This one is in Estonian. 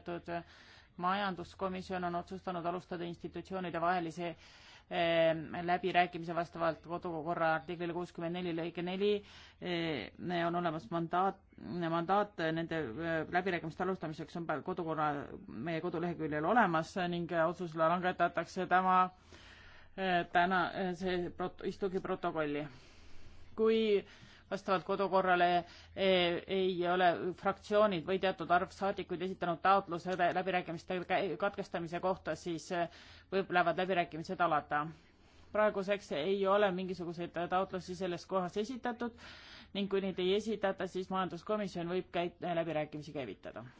nimetatud majanduskomisjon on otsustanud alustada institutsioonide vahelise eh, läbirääkimise vastavalt kodukorra artiklile kuuskümmend neli lõige neli eh, on olemas mandaat, mandaat nende eh, läbirääkimiste alustamiseks on kodukorra, meie koduleheküljel olemas ning otsus langetatakse tema täna see prot-, istungi protokolli. kui vastavalt kodukorrale e, ei ole fraktsioonid või teatud arv saadikuid esitanud taotluse läbirääkimiste katkestamise kohta, siis e, võivad läbirääkimised alata. praeguseks ei ole mingisuguseid taotlusi selles kohas esitatud ning kui neid ei esitata, siis majanduskomisjon võib käi-, läbirääkimisi käivitada